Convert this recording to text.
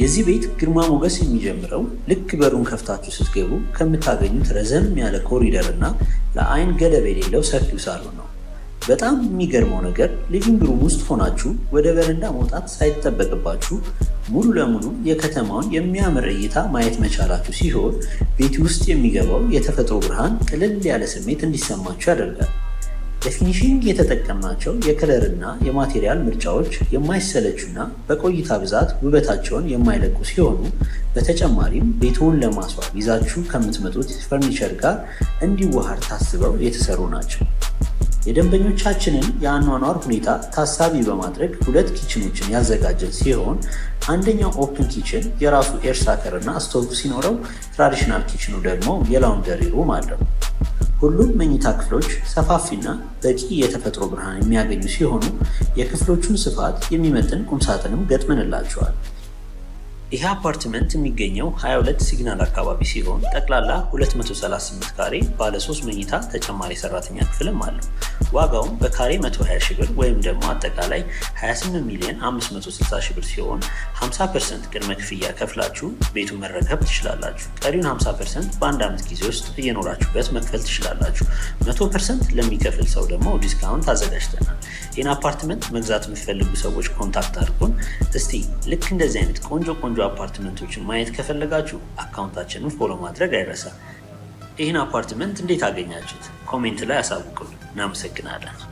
የዚህ ቤት ግርማ ሞገስ የሚጀምረው ልክ በሩን ከፍታችሁ ስትገቡ ከምታገኙት ረዘም ያለ ኮሪደር እና ለአይን ገደብ የሌለው ሰፊው ሳሎን ነው። በጣም የሚገርመው ነገር ሊቪንግ ሩም ውስጥ ሆናችሁ ወደ በረንዳ መውጣት ሳይጠበቅባችሁ ሙሉ ለሙሉ የከተማውን የሚያምር እይታ ማየት መቻላችሁ ሲሆን ቤት ውስጥ የሚገባው የተፈጥሮ ብርሃን ቅልል ያለ ስሜት እንዲሰማችሁ ያደርጋል። ለፊኒሺንግ የተጠቀምናቸው የከለርና የማቴሪያል ምርጫዎች የማይሰለቹና በቆይታ ብዛት ውበታቸውን የማይለቁ ሲሆኑ በተጨማሪም ቤትዎን ለማስዋብ ይዛችሁ ከምትመጡት ፈርኒቸር ጋር እንዲዋሃድ ታስበው የተሰሩ ናቸው። የደንበኞቻችንን የአኗኗር ሁኔታ ታሳቢ በማድረግ ሁለት ኪችኖችን ያዘጋጀን ሲሆን አንደኛው ኦፕን ኪችን የራሱ ኤርሳከር እና ስቶቭ ሲኖረው ትራዲሽናል ኪችኑ ደግሞ የላውንደሪ ሩም አለው። ሁሉም መኝታ ክፍሎች ሰፋፊና በቂ የተፈጥሮ ብርሃን የሚያገኙ ሲሆኑ የክፍሎቹን ስፋት የሚመጥን ቁምሳጥንም ገጥመንላቸዋል። ይህ አፓርትመንት የሚገኘው 22 ሲግናል አካባቢ ሲሆን ጠቅላላ 238 ካሬ ባለ 3 መኝታ ተጨማሪ ሰራተኛ ክፍልም አለው። ዋጋውም በካሬ 120 ሺህ ብር ወይም ደግሞ አጠቃላይ 28 ሚሊዮን 560 ሺህ ብር ሲሆን 50 ፐርሰንት ቅድመ ክፍያ ከፍላችሁ ቤቱ መረከብ ትችላላችሁ። ቀሪውን 50 ፐርሰንት በአንድ ዓመት ጊዜ ውስጥ እየኖራችሁበት መክፈል ትችላላችሁ። 100 ፐርሰንት ለሚከፍል ሰው ደግሞ ዲስካውንት አዘጋጅተናል። ይህን አፓርትመንት መግዛት የሚፈልጉ ሰዎች ኮንታክት አድርጉን። እስቲ ልክ እንደዚህ አይነት ቆንጆ ቆንጆ ቆንጆ አፓርትመንቶችን ማየት ከፈለጋችሁ አካውንታችንን ፎሎ ማድረግ አይረሳ። ይህን አፓርትመንት እንዴት አገኛችሁት? ኮሜንት ላይ አሳውቁን። እናመሰግናለን።